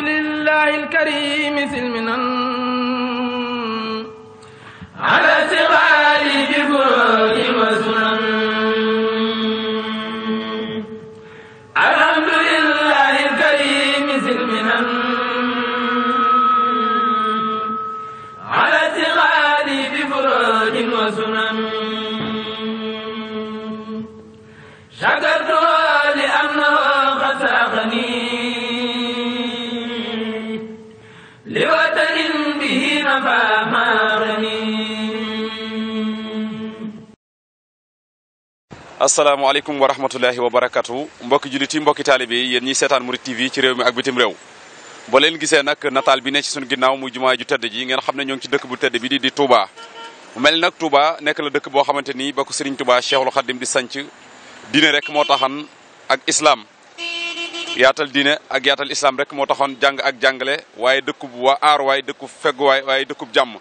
رسول الله الكريم سلمنا على صراط asalaamaaleykum wa rahmatullahi wa barakatu mbokki jullit yi mbokki taalibe yi yéen ñiy seetaan Murid TV ci réew mi ak bitim réew boo leen gisee nag nataal bi ne ci suñu ginnaaw muy jumaa ju tedd ji ngeen xam ne ñoo ngi ci dëkk bu tedd bi di di Touba mel nag Touba nekk la dëkk boo xamante ni ba ko Serigne Touba Cheikhul Khadim di sanc diine rek moo taxan ak islam yaatal diine ak yaatal islam rek moo taxoon jàng ak jàngale waaye dëkkub bu aar waaye dëkkub feggu waaye dëkkub jàmm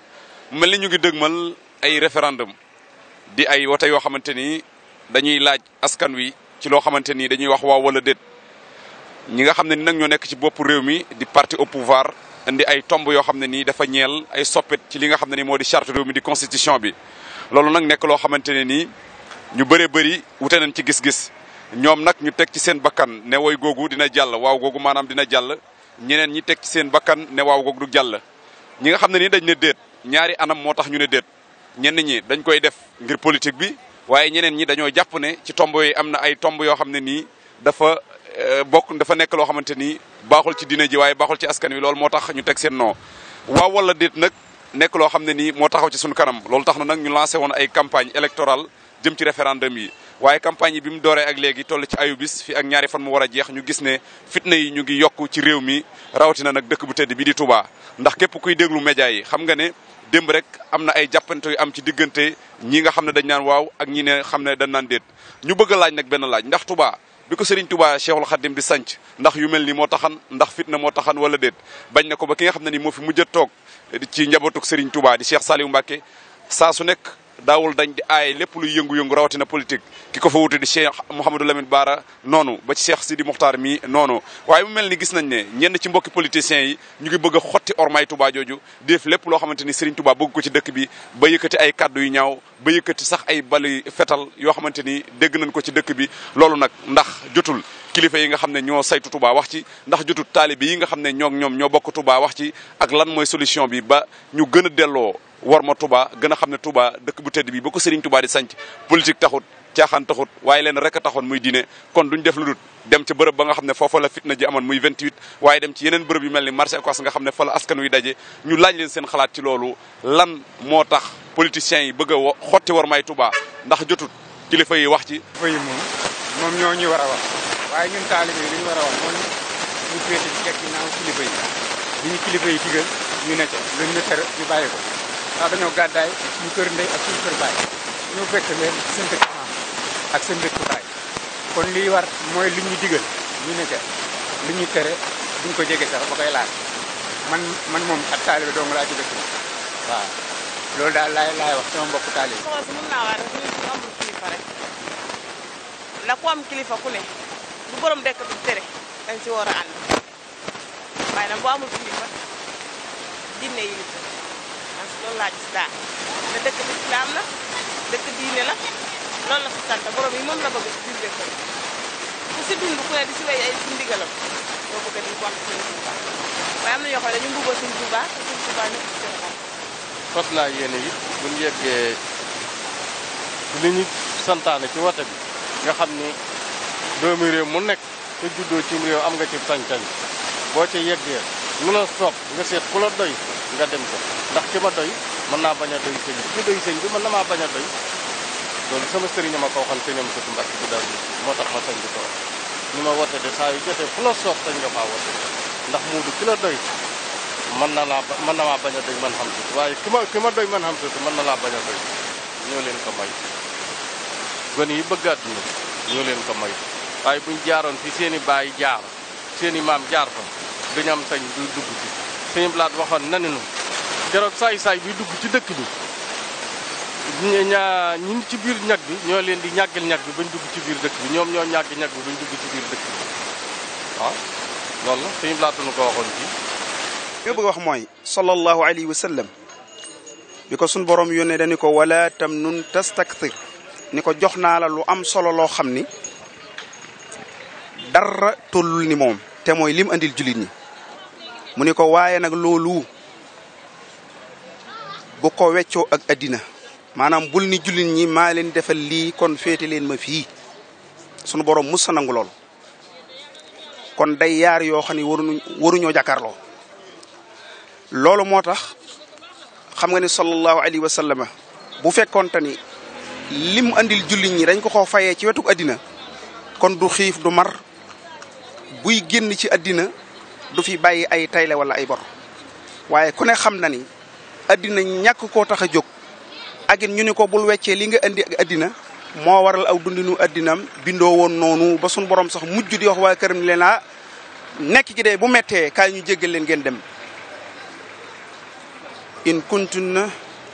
mel ni ñu ngi dëgmal ay référendum di yoo xamante ni dañuy laaj askan wi ci loo xamante nii dañuy wax waaw wala déet ñi nga xam ne ni nag ñoo nekk ci bopp réew mi di parti au pouvoir indi ay tomb yoo xam ne nii dafa ñeel ay soppet ci li nga xam ne ni moo di charte mi di constitution bi loolu nag nekk loo xamante ne nii ñu bëree bëri wute nañ ci gis-gis ñoom nag ñu teg ci seen bakkan ne woy googu dina jàll waaw maanaam dina jàll ñeneen ñi teg ci seen bakkan ne waaw du jàll ñi nga xam ne nii dañ ne déet ñaari anam moo tax ñu ne déet ñenn ñi dañ koy def ngir politique bi waaye ñeneen ñi dañoo jàpp ne ci tomb yooyu am na ay tomb yoo xam ne nii dafa euh, bokk dafa nekk loo xamante ni baaxul ci dina ji waaye baaxul ci askan wi loolu moo tax ñu teg seen non waaw wala déet nag nekk loo xam ne nii moo taxaw ci suñu kanam loolu tax na nag ñu lancé woon ay campagne électorale jëm ci référendum yi waaye campagne yi bi mu dooree ak léegi toll ci ayu bis fi ak ñaari fan mu war a jeex ñu gis ne fitna yi ñu ngi yokk ci réew mi rawatina nag dëkk bu tedd bi di Touba ndax képp kuy déglu média yi xam nga ne démb rek am na ay jàppante yu am ci diggante ñi nga xam ne dañ naan waaw ak ñi ne xam ne dañ naan déet ñu bëgg laaj nag benn laaj ndax Touba bi ko Serigne Touba Cheikhul Khadim di sanc ndax yu mel ni moo taxan ndax fitna moo taxan wala déet bañ na ko ba ki nga xam ne ni moo fi mujj a toog ci njabootuk Serigne Touba di Cheikh Saliou Mbacké saa su nekk daawul dañ di aay lépp luy yëngu-yëngu rawatina politique ki ko fa wuute di Cheikh Mouhamadou Lamine Bara noonu ba ci si Sidi Mokhtar mi noonu waaye mu mel ni gis nañ ne ñenn ci mbokki politiciens yi ñu ngi bëgg a xotti ormay Touba jooju def lépp loo xamante ni Serigne Touba bëgg ko ci dëkk bi ba yëkkati ay kaddu yu ñaaw ba yëkkati sax ay bali fetal yoo xamante ni dégg nañ ko ci dëkk bi loolu nag ndax jotul kilifa yi nga xam ne ñoo saytu tubaa wax ci ndax jotul taalibe yi nga xam ne ñoog ñoom ñoo bokk Touba wax ci ak lan mooy solution bi ba ñu gën a delloo war ma Touba gën xam ne Touba dëkk bu tedd bi ba ko Serigne di sanc politique taxut caaxaan taxut waaye leen rek a taxoon muy diine kon duñ def lu dem ca bërëb ba nga xam ne foofa la fitna ji amoon muy 28 waaye dem ci yeneen bërëb yu mel ni marché Ocass nga xam ne fa la askan wi daje ñu laaj leen seen xalaat ci loolu lan moo tax politiciens yi bëgg a xotti war may Touba ndax jotut kilifa yi wax ci. kilifa yi moom moom ñoo ñuy war a wax waaye ñun taalibe ne ca ndax dañoo gàddaay suñu kër ndey ak suñu kër baay ñoo fekk leen seen dëkk maam ak seen dëkk baay kon lii war mooy li ñu digal ñu ne li ñu tere duñ ko jege sax ba koy laal man man moom ak taalibe dong laa ci dëkk bi waaw loolu daal laay laay wax sama mbokku taalibe. mën naa wax rek nit ku amul kilifa rek la ku am kilifa ku ne bu borom dëkk bi tere dañ si war a ànd waaye nag bu amul kilifa dinne yi loolu laa gis te dëkk bi la dëkk diine la loolu la fi sant borom yi moom la bëgg si biir dëkk ku si dund ku ne di si wéy ay si ndigalam doo bëgg di wax suñu fas naa yéene it buñ yeggee li ñu santaane ci wote bi nga xam ni doomi réew mu nekk te juddoo ci réew am nga ci sañ-sañ boo ci yeggee lu la soob nga seet ku la doy nga dem ko ndax ki ma doy mën naa bañ a doy sëñ bi ki doy sëñ bi mën na maa bañ a doy loolu sama sëriñ ma ko waxoon sëñam sëtu Mbàkke bu daal moo tax ma sañ di ko wax ñu ma woote de saa yu jotee fu la soob sañ nga faa woote ndax muudu ki la doy mën na laa mën na maa bañ a doy man xam sut waaye ki ma ki ma doy man xam sut mën na laa bañ a doy ñoo leen ko may gone yi bëgg àdduna ñoo leen ko may waaye buñ jaaroon fi seeni baay jaar seen i maam jaar fa duñ am sañ du dugg suñu waxoon na ne nu keroog saay-saay bi dugg ci dëkk bi ñaa ñi ci biir ñag bi ñoo leen di ñàggal ñag bi bañ dugg ci biir dëkk bi ñoom ñoo ñàgg ñag bi bañ dugg ci biir dëkk bi waaw loolu la nu ko waxoon ci li bëgg wax mooy sallallahu alayhi wa bi ko suñ borom yónnee dañu ko wala tam nun tastakthir ni ko jox naa la lu am solo loo xam ni dara tollul ni moom te mooy lim indil jullit ñi mu ko waaye nak lolu bu ko ak adina manam bul ni julinn ñi ma leen defal li kon féete leen ma fi sunu borom musa nangul lol kon day yar yo xani ne waruñu waruñoo jàkkaarloo loolu xam nga ni sallallahu alaihi wasallam bu fekkon tani lim andil julinn ñi dañ ko ko fayé ci wetuk adina. kon du xif du mar buy génn ci adina du fi bàyyi ay tayle wala ay bor waye ku ne xam na ni adina ñak ko taxa jóg ak ñu ni ko bul wéccé li nga andi ak addina moo waral aw dundinu adinam bindo won nonu ba suñ borom sax mujju di wax wa këram leena leen nekk gi de bu metté ka ñu jéggel leen ngeen dem in kuntunna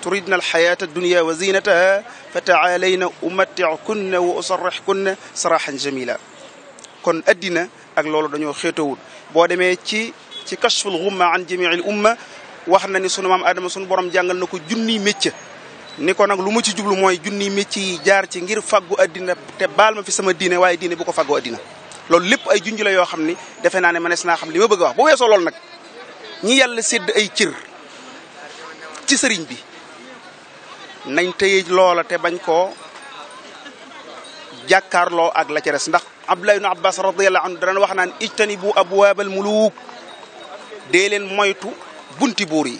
تريدنا الحياة الدنيا وزينتها فتعالينا أمتعكن وأصرحكن umatti'kunna wa كن أدنا jamila kon addina ak boo demee ci ci kashful ghumma an jamiil uma wax na ni sunu maam Adama sunu borom jàngal na ko junni métier ni ko nag lu mu ci jublu mooy junniy métier yi jaar ci ngir faggu addina te baal ma fi sama diine waaye diine bu ko faggu addina lool lépp ay junj la yoo xam ni defe naa ne manees naa xam li ma bëgg a wax bu weesoo loolu nag ñi yàlla sédd ay cër ci sëriñ bi nañ tëye loola te bañ koo jàkkaarloo ak la ca ndax Abdullah ibn Abbas radiyallahu anhu dana wax naan ijtanibu abwaabal muluk dee leen moytu bunti buur yi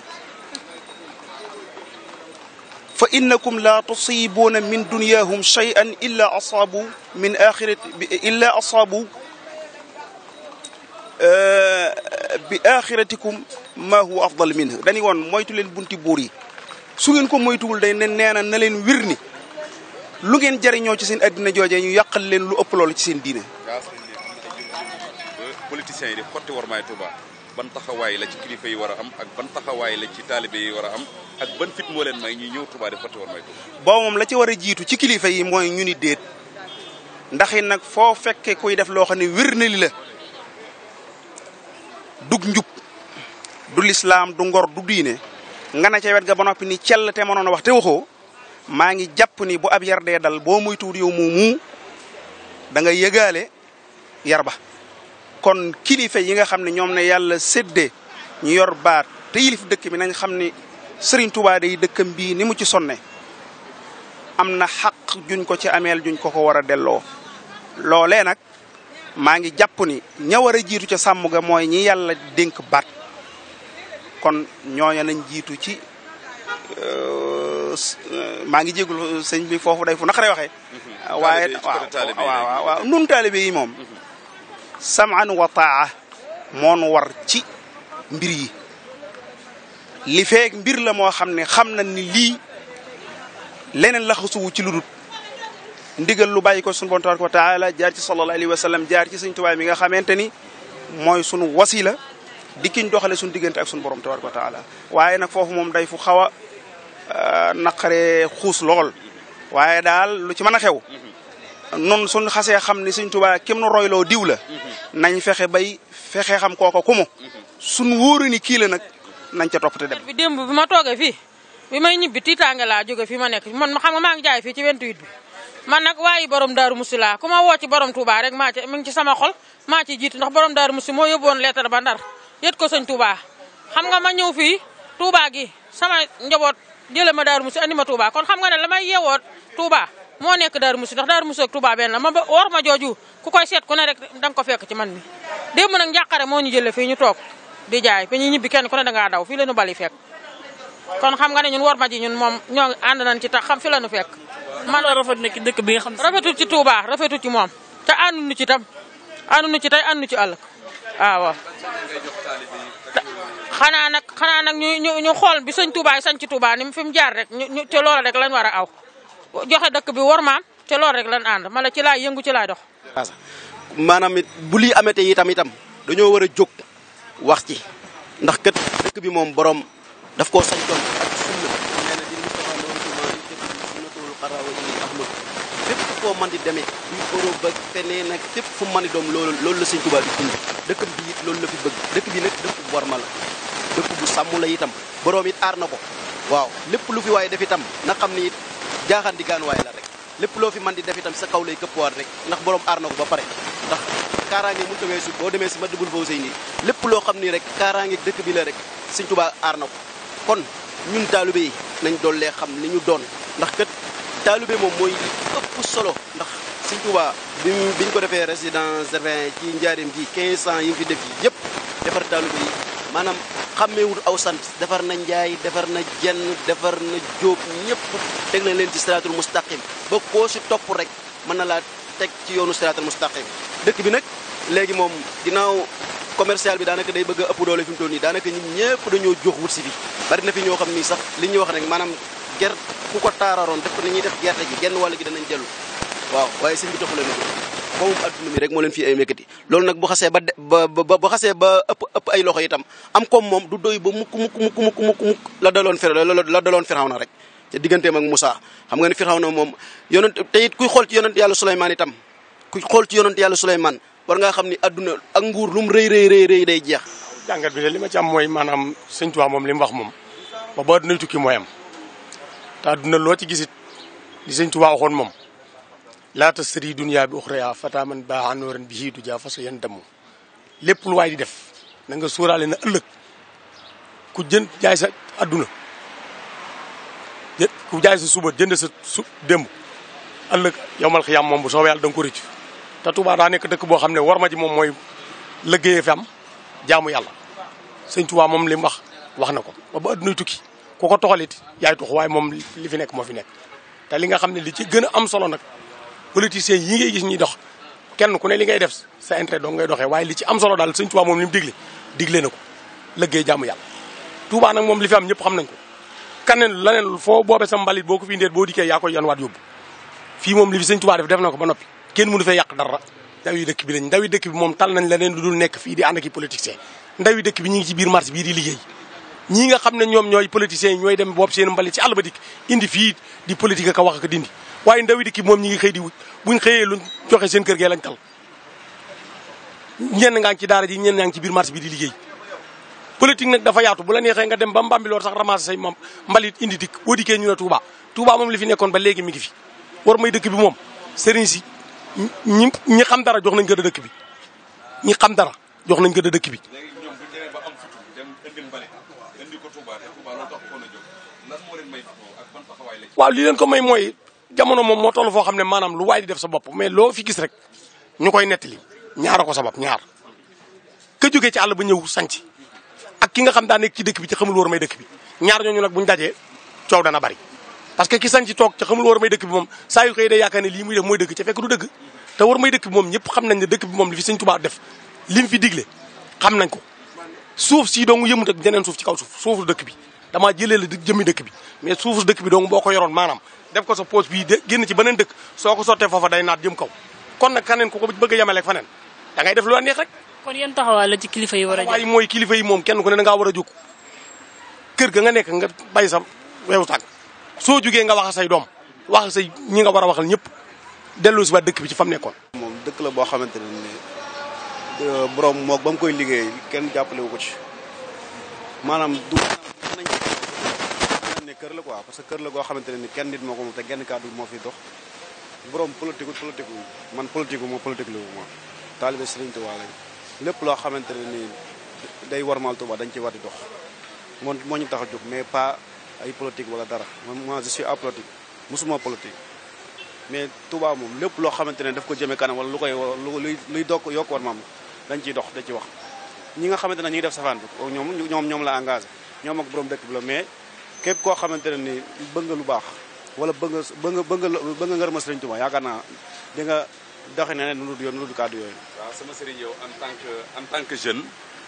fa innakum la tusibuuna min dunyahum shay'an illa asaabu min axirati illa asaabu bi axiratikum ma huwa afdal minhu dañu woon moytu leen bunti buur yi su ngeen ko moytuwul day ne nee na na leen wir ni lu ngeen jariñoo ci seen addina joojee ñu yàqal leen lu ëpp loolu ci seen diine. politiciens yi di xotti war maay Touba ban taxawaay la ci kilifa yi war a am ak ban taxawaay la ci taalibe yi war a am ak ban fit moo leen may ñuy ñëw Touba di xotti war moom la ci war a jiitu ci kilifa yi mooy ñu ni déet ndax it nag foo fekkee kuy def loo xam ne wér na li la dug njub du lislaam du ngor du diine nga ne ca wet ga ba noppi ni cell te mënoon a wax te waxoo. maa ngi jàpp ni bu ab yar dal boo muy tuut yow moomu da nga yëgaale yar ba kon kilifa yi nga xam ne ñoom ne yàlla sedde ñu yor baat te yilif dëkk bi nañ xam ni Serigne Touba dëkk dëkkam bii ni mu ci sonne am na xaq juñ ko ci ameel juñ ko ko war a delloo loole nag maa ngi jàpp ni ña war a jiitu ca sàmm mooy ñi yàlla dénk baat kon ñooña nañ jiitu ci maa ngi jégalu sëñ bi foofu day fu naqaree waxee. waaye mm-hmm. waaw waaw waaw nun taalibe yi moom. Mm-hmm. samaan wa moon war ci mbir yi li feek mbir la moo xam ne xam na ni lii leneen la xasuwu ci lu dul ndigal lu bàyyi ko suñu bon tabaraka wa taala jaar ci sallallahu alayhi wa jaar ci sëñ Tuubaa mi nga xamante ni mooy sunu wasila di kiñ doxale suñu diggante ak suñu borom tabaraka wa taala waaye nag foofu moom day fu xaw Euh, naqaree xuus lool waaye daal lu ci mën a xew nun suñ xasee xam ni suñ tubaa kim nu royloo diw la nañ fexe bay fexe xam kooko kumu suñ wóoru ni kii la nag nañ ca toppate dem bi ma toogee fii bi may ñibbi tiitaange laa jóge fii ma nekk man xam nga maa ngi jaay fii ci 28 bi man nag waaye borom daaru musi laa ku ma woo ci borom Touba rek maa ci mi ngi ci sama xol maa ci jiitu ndax borom daaru musi moo yóbbu leetar ba ndar yët ko sëñ Touba xam nga ma ñëw fii Touba gi sama njaboot jële ma Darou musu andi ma Touba kon xam nga ne lamay may Touba mo nek Darou musu ndax Darou musu ak Touba ben la ma wor ma joju ku koy set ku ne rek dang ko fekk ci man ni dem nak njaqare mo ñu jële fi ñu tok di jaay fi ñi ñibi kenn ku ne da nga daw fi la ñu bali fekk kon xam nga ne ñun wor ma ji ñun mom ño and nañ ci tax xam fi la ñu fekk man rafet nek dekk bi nga xam rafetu ci Touba rafetu ci moom te ànduñu ci tam ànduñu ci tay ànduñu ci ëllëg ah wa xanaa nag xanaa nag ñu ñu ñu xool bi sëñ Touba sañ ci Touba ni mu fi mu jaar rek ñu ñu ca loola rek lañ war a aw joxe dëkk bi war maam ca loolu rek lañ ànd mala ci laay yëngu ci laay dox. maanaam it bu lii amatee itam itam dañoo war a jóg wax ci ndax kat dëkk bi moom borom daf koo sañtoon ak sunna fo man di demé muy euro ba téné nak fépp fu man di dom loolu loolu la seigne Touba di dund dëkk bi it loolu la fi bëgg dëkk bi nak dëkk bu warma la dëkk bu samu la itam borom it ar nako ko waaw lépp lu fi waaye def itam na xam ni it jaaxaan di gaan waaye la rek lepp lo fi man di def itam sa kaw lay këppwaat rek ndax borom ar nako ba paré ndax kaaraange mu tawé su bo démé ci ma dugul faw sëy nii xam ni rek kaaraange dëkk bi la rek seigne Touba ar nako kon ñun taalibe nañ dolé xam li ñu doon ndax kët taalibe moom mooy ëpp solo ndax Sëñ Tuubaa bi biñ ko defee résidence ren ci njaarim gi 15 ans yi mu fi def yëpp defar taalibe yi maanaam xàmmeewul aw sant defar na njaay defar na jenn defar na jóob ñëpp teg na leen ci siraatul mustaqim ba koo si topp rek mën na laa teg ci yoonu siraatul mustaqim dëkk bi nag léegi moom dinaaw commercial bi daanaka day bëgg a ëpp doole fi mu toll nii daanaka ñun ñëpp dañoo jox wut si fi bari na fi ñoo xam sax li ñuy wax rek maanaam ger ku ko taararoon def ko ni ñuy def gerte gi genn wàll gi danañ jëlu waaw waaye sëñ bi taxu leen moom aduna mi rek moo leen fi ay mekkati loolu nag bu xasee ba ba bu xasee ba ëpp ëpp ay loxo itam am koom moom du doy ba mukk mukk mukk mukk mukk mukk la daloon fir la daloon firaw na rek ci digganteem ak Moussa xam nga ni firaw na moom yonent te kuy xool ci yonent yàlla Souleymane itam kuy xool ci yonent yàlla Souleymane war ngaa xam aduna ak nguur lum rëy rëy rëy rëy day jeex jàngat bi de li ma ci am mooy maanaam sëñ Tuubaa moom li wax moom ba ba aduna tukki mooy am te àdduna loo ci gisit li sëñ Tuubaa waxoon moom laa tastari dunya bi uxraya fata man baa anooran bi hiidu jaa faso yan damm lépp lu waay di def na nga na ëllëg ku jënd jaay sa àdduna ku jaay sa suba jënd sa su allëg ëllëg yowmal xiyaam moom bu soobee yàlla da nga ko rëcc te Tuubaa daa nekk dëkk boo xam ne war ma ji moom mooy liggéeyee fi jaamu yàlla sëñ Tuubaa moom li wax wax na ko ba ba àddunay ku ko toxalit yaay tux waaye moom li fi nekk moo fi nekk te li nga xam ne li ci gën am solo nag politiciens yi ngay gis ñuy dox kenn ku ne li ngay def sa intérêt dong ngay doxee waaye li ci am solo daal Sëñ Tuubaa moom li mu digle digle na ko lëggéey jaamu yàlla Tuubaa nag moom li fi am ñëpp xam nañ ko kaneen laneen foo boobe sa mbalit boo ko fi ndeet boo dikkee yaa koy yanwaat yóbbu fii moom li fi Sëñ Tuubaa def def na ko ba noppi kenn mënu fee yàq dara ndawi dëkk bi lañ ndawi dëkk bi moom tal na leneen lu dul nekk fii di ànd ak i politiciens ndawi dëkk bi ñu marché bii di liggéey ñii nga xam ne ñoom ñooy politiciens yi ñooy dem boobu seen mbalit ci àll ba dikk indi fii di politique ak wax ak dindi waaye ndawi dikki moom ñi ngi xëy di wut buñ xëyee luñ joxe seen kër gee lañ tal ñenn ngaa ngi daara ji ñenn ngaa ci biir marché bi di liggéey politique dafa yaatu bu la neexee nga dem ba mbambiloor sax ramasser say moom mbalit indi dikk boo dikkee ñu ne Touba Touba moom li fi nekkoon ba léegi mi ngi fi war may dëkk bi moom sëriñ si ñi ñi xam dara jox nañ gën a dëkk bi ñi xam dara jox nañ gën a dëkk bi waaw li leen ko may mooy jamono moom moo toll foo xam ne maanaam lu waay di def sa bopp mais loo fi gis rek ñu koy nettali ñaar ko sabab ñaar ka jógee ci àll ba ñëw sanc ak ki nga xam daa nekk ci dëkk bi ci xamul war may dëkk bi ñaar ñooñu nag buñu dajee coow dana bari parce que ki sanc toog ci xamul war may dëkk bi moom saa yu xëy day yaakaar ne lii muy def mooy dëkk ca fekk du dëgg te war may dëkk bi moom ñëpp xam nañ ne dëkk bi moom li fi sëñ Tuubaa def mu fi digle xam nañ ko suuf si dong yëmut ak jeneen suuf ci kaw suuf suufu dëkk bi damaa jëlee la di jëmmi dëkk bi mais suufu dëkk bi donc boo ko yoroon maanaam def ko sa poche bii de génn ci beneen dëkk soo ko sottee foofa day naat jëm kaw kon na kaneen ko ko bëgg a yemaleeg faneen da ngay def lu la neex rek kon yéen taxawaay la ci kilifa yi war a waaye mooy kilifa yi moom kenn ku ne da ngaa war kër ga nga nekk nga bay sa weewu tànk soo jugee nga wax say doom wax say ñi nga war a waxal ñëpp dellu si ba dëkk bi ci fam nekkoon moom dëkk la boo xamante ne ni euh, borom moog ba mu koy liggéey kenn jàppale wu ko ci maanaam du nañ ci ne kër la quoi parce que kër la goo xamante ne nii kenn nit moo ko moom te genn kàddu moo fi dox borom politique politique man politique bu ma politique lu ma taalibe Sëriñ Tuubaa lañ lépp loo xamante ne ni day warmal Tuubaa dañ ci war di dox moo moo ñu tax a mais pas ay politique wala dara moi je suis apolitique mosuma politique mais Touba moom lépp loo xamante ne daf ko jëme kanam wala lu koy luy luy dokk yokk war maam dañ ciy dox da ci wax ñi nga xamante ne ñu ngi def safaan bi ñoom ñoom ñoom la engagé ñoom ak borom dëkk bi la mais képp koo xamante ne ni bëgg lu baax wala bëgg nga bëgg nga bëgg nga ngërëm Sëriñ Tuubaa yaakaar naa di nga doxe ne ne nu dul yoon nu yooyu. waaw sama sëriñ yow en tant que jeune.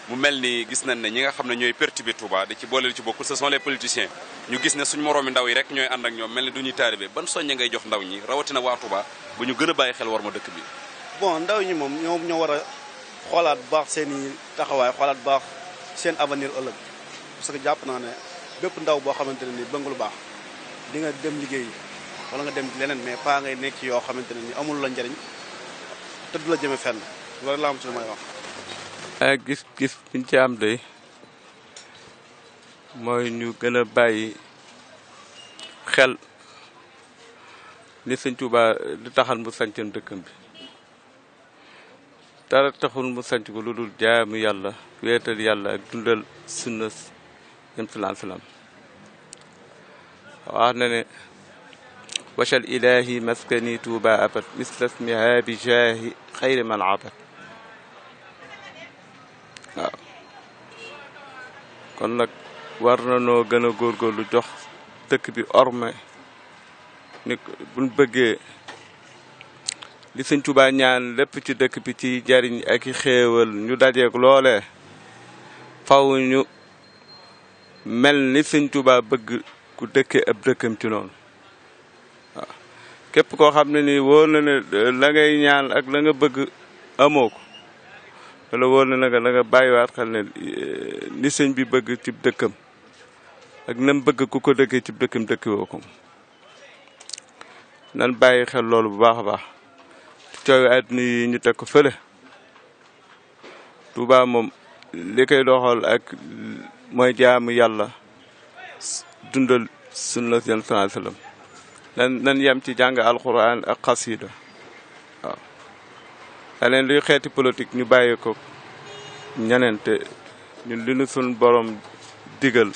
mu mel ni gis nañ ne ñi nga xam ne ñooy perturber Touba di ci booleel ci bokkul ce sont les politiciens ñu gis ne suñ moroomi ndaw yi rek ñooy ànd ak ñoom mel ni duñuy ñuy taalibe ban soññe ngay jox ndaw ñi rawatina waa Touba bu ñu gën a bàyyi xel war ma dëkk bi. bon ndaw ñi moom ñoom ñoo war a xoolaat baax seen i taxawaay xoolaat baax seen avenir ëllëg. parce que jàpp naa ne bépp ndaw boo xamante ne ni bëgg lu baax di nga dem liggéey walla nga dem leneen mais pas ngay nekk yoo xamante ne ni amul la njariñ te du la jëme fenn loolu laa am ci eh, gis gis biñ ci am de mooy ñu gën a bàyyi xel li sëñ Tuubaa li taxal mu sañcoon dëkkam bi dara taxul mu sañc ko lu dul jaamu yàlla weetal yàlla ak dundal sunna في الفلام وعنني وش الإلهي مسكني توبا أبد مثل اسمها بجاه خير من عبد كنا ورنا جنا جورجو جخ تكبي أرمى نك بنبجى لسن توبا نيان لبتي دك بتي جارين أكي خيول نودا ديك لوله فاو نيو mel ni sëñ Tuubaa bëgg ku dëkke ab dëkkam ci noonu waaw képp koo xam ne nii wóor na ne la ngay ñaan ak la nga bëgg amoo ko wala wóor na nga la nga bàyyiwaat xel ne eh, ni sëñ bi bëgg ci dëkkam ak nam bëgg ku ko dëkkee ci dëkkam dëkki ko nan bàyyi xel loolu bu baax a baax coowi àdduna yi ñu teg ko fële Tuubaa moom li koy doxal ak mooy jaamu yàlla dundal sunna yàlla sallallahu alayhi wa sallam nan nan yem ci jàng alquran ak xasida waaw leneen luy xeeti politique ñu bàyyi ko ñeneen te ñun li ñu sun borom digal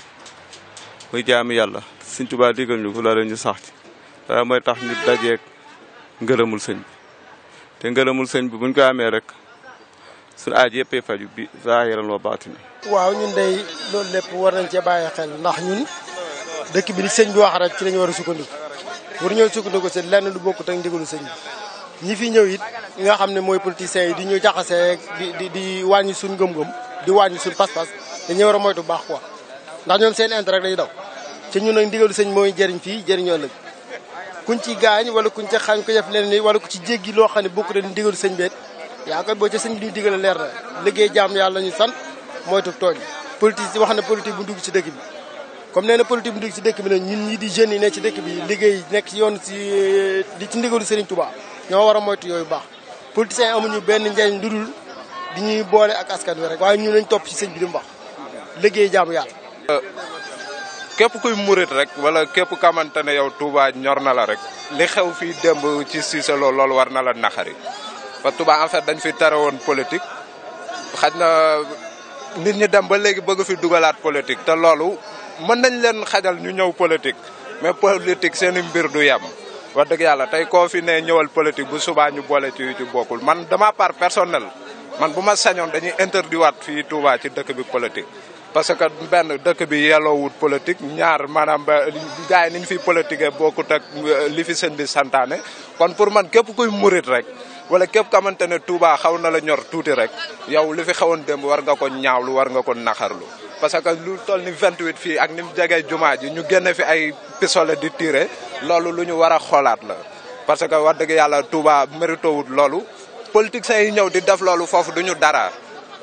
muy jaamu yàlla Sëñ Tuubaa digal ñu ko la ñu sax ci dara mooy tax ñu dajeeg ngërëmul sëñ te ngërëmul sëñ bi buñ ko amee rek su aaj yëpp ay faju bi zaahiran wa baatin waaw ñun day loolu lépp war nañ cee bàyyi xel ndax ñun dëkk bi li sëñ bi wax rek ci lañu war a sukkandiku war ñoo sukkandiku si lenn du bokkut ak ndigalu sëñ ñi fi ñëw it nga xam ne mooy politiciens yi di ñu jaxasee di di di wàññi suñ gëm di wàññi suñ pas-pas war a moytu baax quoi ndax ñoom seen intérêt dañu daw ci ñun nag ndigalu sëñ mooy jariñ fii jëriñoo ëllëg kuñ ci gaañ wala kuñ ci xaañ ko yef leen ni wala ku ci jéggi loo xam ne bokkut ak ndigalu sëñ beet yaa yaakaar boo ca sëñ bi digale leer na liggéey jaam yàlla ñu sant moytu tooñ politique wax na politique bu dugg ci dëkk bi comme nee na politique bu dugg ci dëkk bi nag ñun ñi di jeunes yi ci dëkk bi liggéey nekk yoon si eh, di ci ndigalu Serigne Touba ñoo war a moytu yooyu baax politiciens amuñu benn njariñ lu di ñuy boole ak askan wi rek waaye ñu lañ topp ci sëñ bi di mu wax liggéey jaam yàlla euh, képp kuy murit rek wala képp kamante ne yow Touba ñor na la rek li xew fii démb ci Cissé Lo loolu war na la naxari parce tuba en fait dañ fi tere won politique xajna nit ñi dem ba légui bëgg fi dugalaat politique té loolu mën nañ leen xajal ñu ñëw politique mais politique seen mbir du yam wax dëgg yalla tay ko fi ne ñëwal politique bu suba ñu bolé ci ci bokul man dama part personnel man buma sañon dañuy interdit wat fi Touba ci dëkk bi politique parce que ben dëkk bi wut politique ñaar manam ba niñ fi politique bokut ak euh, li fi sëndi santané kon pour man képp kuy murit rek wala képp xamante ne Touba xaw na la ñor tuuti rek yow li fi xawoon démb war nga ko lu war nga ko naxarlu parce que lu toll ni 28 fii ak ni mu jegee jumaa ji ñu génn fi ay pistolet di tiire loolu lu ñu war a xoolaat la parce que wax dëgg yàlla Touba mérito wut loolu politiciens yi ñëw di def loolu foofu duñu dara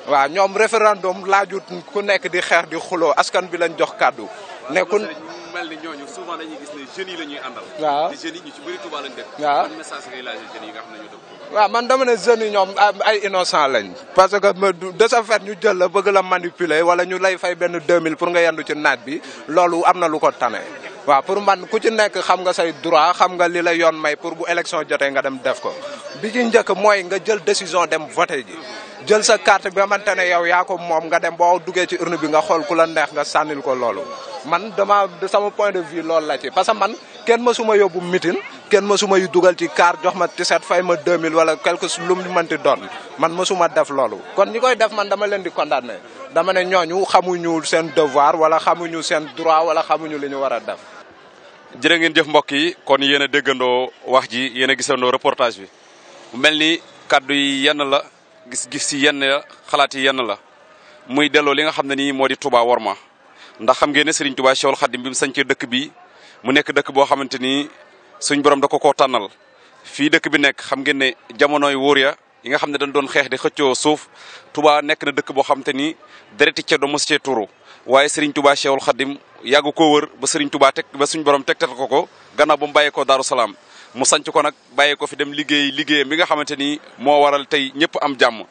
waaw ñoom référendum laajut ku nekk di xeex di xuloo askan bi lañ jox kàddu nekkul mu mel ni ñooñu souvent dañuy gis ne jeunes yi la waaw ñu ci bëri Touba lañ dëkk. waaw ban message ngay man dama ne jeunes yi ñoom ay innocent lañ. parce que de ce fait ñu jël la bëgg la manipuler wala ñu lay fay benn 2000 pour nga yendu ci naaj bi loolu am na lu ko tane. wa pour man ku ci nek xam nga say droit xam nga lila yon may pour bu election joté nga dem def ko bi ci ñëk moy nga jël décision dem voter ji jël sa carte bi xamante ne yow ya ko mom nga dem bo duggé ci urne bi nga xol ku neex nga sanil ko lolu man dama de sama point de vue lolu la ci parce que man kenn suma yobu mitin kenn suma yu duggal ci car jox ma tiset fay ma 2000 wala quelque lu mantidon. Man don man suma def lolu kon ñi koy def man dama leen di condamner dama ne ñoñu xamuñu sen devoir wala xamuñu sen droit wala xamuñu li ñu def jërë ngeen jëf mbokk yi kon yéen a déggandoo wax ji yéen a gisandoo reportage bi mel ni kàddu yi yenn la gis-gis yi yenn la xalaat yenn la muy delloo li nga xam ne nii moo di Touba Worma ndax xam ngeen ne Serigne Touba Cheikhul Khadim bi mu sañcee dëkk bi mu nekk dëkk boo xamante ni suñ borom da ko koo tànnal fii dëkk bi nekk xam ngeen ne jamonoy wóor ya yi nga xam ne dañ doon xeex di xëccoo suuf Touba nekk na dëkk boo xamante ni dereti ceddo mos cee turu waaye Serigne Touba Cheikhul Khadim yàgg koo wër ba sëriñ tubaa teg ba suñ borom tegtal ko ko gannaaw ba mu bàyyee koo salaam mu sanc ko nag bàyyee ko fi dem liggéey liggéey bi nga xamante ni moo waral tey ñëpp am jàmm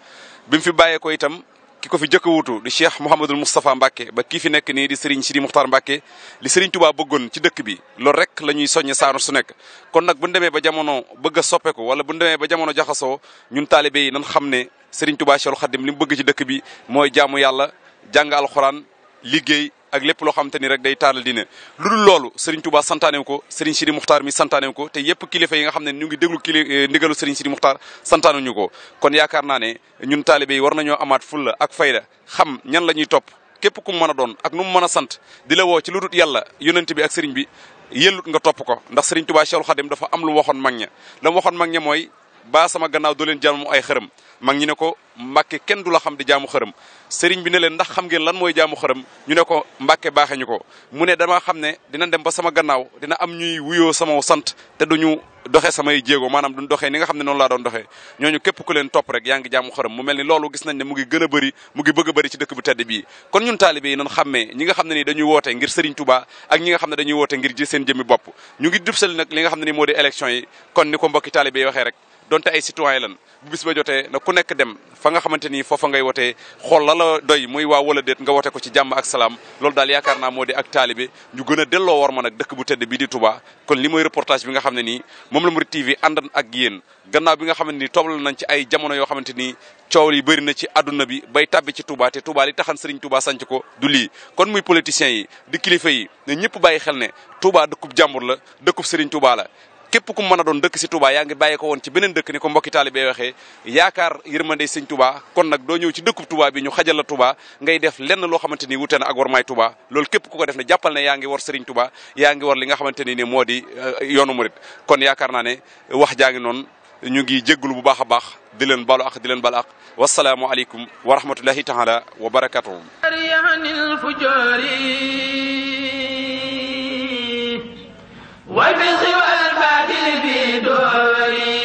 bi mu fi bàyyee ko itam ki ko fi jëkk wuutu di cheikh Mouhamadul Moustapha Mbacke ba kii fi nekk nii di Serigne Sidi Moukhtar Mbacke li Serigne Touba bëggoon ci dëkk bi loolu rek la ñuy soññe saanu su nekk kon nag bu ñu demee ba jamono bëgg a soppeeku wala bu ñu ba jamono jaxasoo ñun taalibe yi nan xam ne Serigne Touba Cheikhul Khadim mu bëgg ci dëkk bi mooy jaamu yàlla jàng alxuraan liggéey ak lépp loo xamante ni rek day taaral diine lu dul loolu Serigne Touba santaanew ko Serigne Sidi Muxtaar mi santaanew ko te yëpp kilifa yi nga xam ne ñu ngi déglu kili eh, ndigalu Serigne Sidi Muxtaar santaanuñu ko kon yaakaar naa ne ñun taalibe yi war nañoo amaat fulla ak fayda xam ñan la ñuy topp képp ku mu mën a doon ak nu mu mën a sant di la woo ci lu dul yàlla yonent bi ak Serigne bi yellut nga topp ko ndax Serigne Touba Cheikhul Khadim dafa am lu waxoon mag ña la waxoon mag ña mooy baa sama gannaaw doo leen jaamu ay xërëm mag ñi ne ko mbàkke kenn du la xam di jaamu xërëm sëriñ bi ne leen ndax xam ngeen lan mooy jaamu xërëm ñu ne ko mbàkke baaxe ñu ko mu ne dama xam ne dina dem ba sama gannaaw dina am ñuy wuyoo sama sant te duñu doxee samay jéego maanaam duñ doxee ni nga xam ne noonu laa doon doxee ñooñu képp ku leen topp rek yaa ngi jaamu xërëm mu ni gis nañ mu ngi gën a ngi bëgg a bëri ci dëkk bu tedd bii kon ñun nga xam ne ni dañuy woote ngir sëriñ Tuubaa ak ñi nga xam ne dañuy woote ngir ji seen jëmmi bopp ñu ngi dubsal nag li nga xam ne ni moo di élection yi kon ni ko mbokki taalibe yi waxee rek donte ay citoyen lan bu bis ba jotee na ku nekk dem fa nga xamante ni foofa ngay wotee xool la la doy muy waa wala déet nga wote ko ci jàmm ak salaam loolu daal yakar naa moo di ak taalibe ñu gën a delloo war ma nag dëkk bu tedd bii di Touba kon li mooy reportage bi nga xam ne ni moom la Mouride TV àndan ak yéen gannaaw bi nga xamante ni toobal nañ ci ay jamono yoo xamante ni coow li bëri na ci àdduna bi bay tàbbi ci Touba te Touba li taxan Serigne Touba sanc ko du lii kon muy politiciens yi di kilifa yi ñëpp bàyyi xel ne Touba dëkkub jàmbur la dëkkub Serigne la képp ku mën a doon dëkk si Touba yaa ngi bàyyi ko woon ci beneen dëkk ni ko mbokki taalibe waxee yaakaar yërmande sëñ Touba kon nag doo ñëw ci dëkkub Touba bi ñu xajal la Touba ngay def lenn loo xamante ni wu na ak war maay Touba loolu képp ku ko def ne jàppal ne yaa ngi war Serigne Touba yaa ngi war li nga xamante ni moo di eh, yoonu murit kon yaakaar naa ne wax jaa ngi noonu ñu ngi jéggul bu baax a baax di leen balu ak di leen bal ak wasalaamu aleykum wa rahmatullahi taala wa barakatuhum وبالغوار bi dori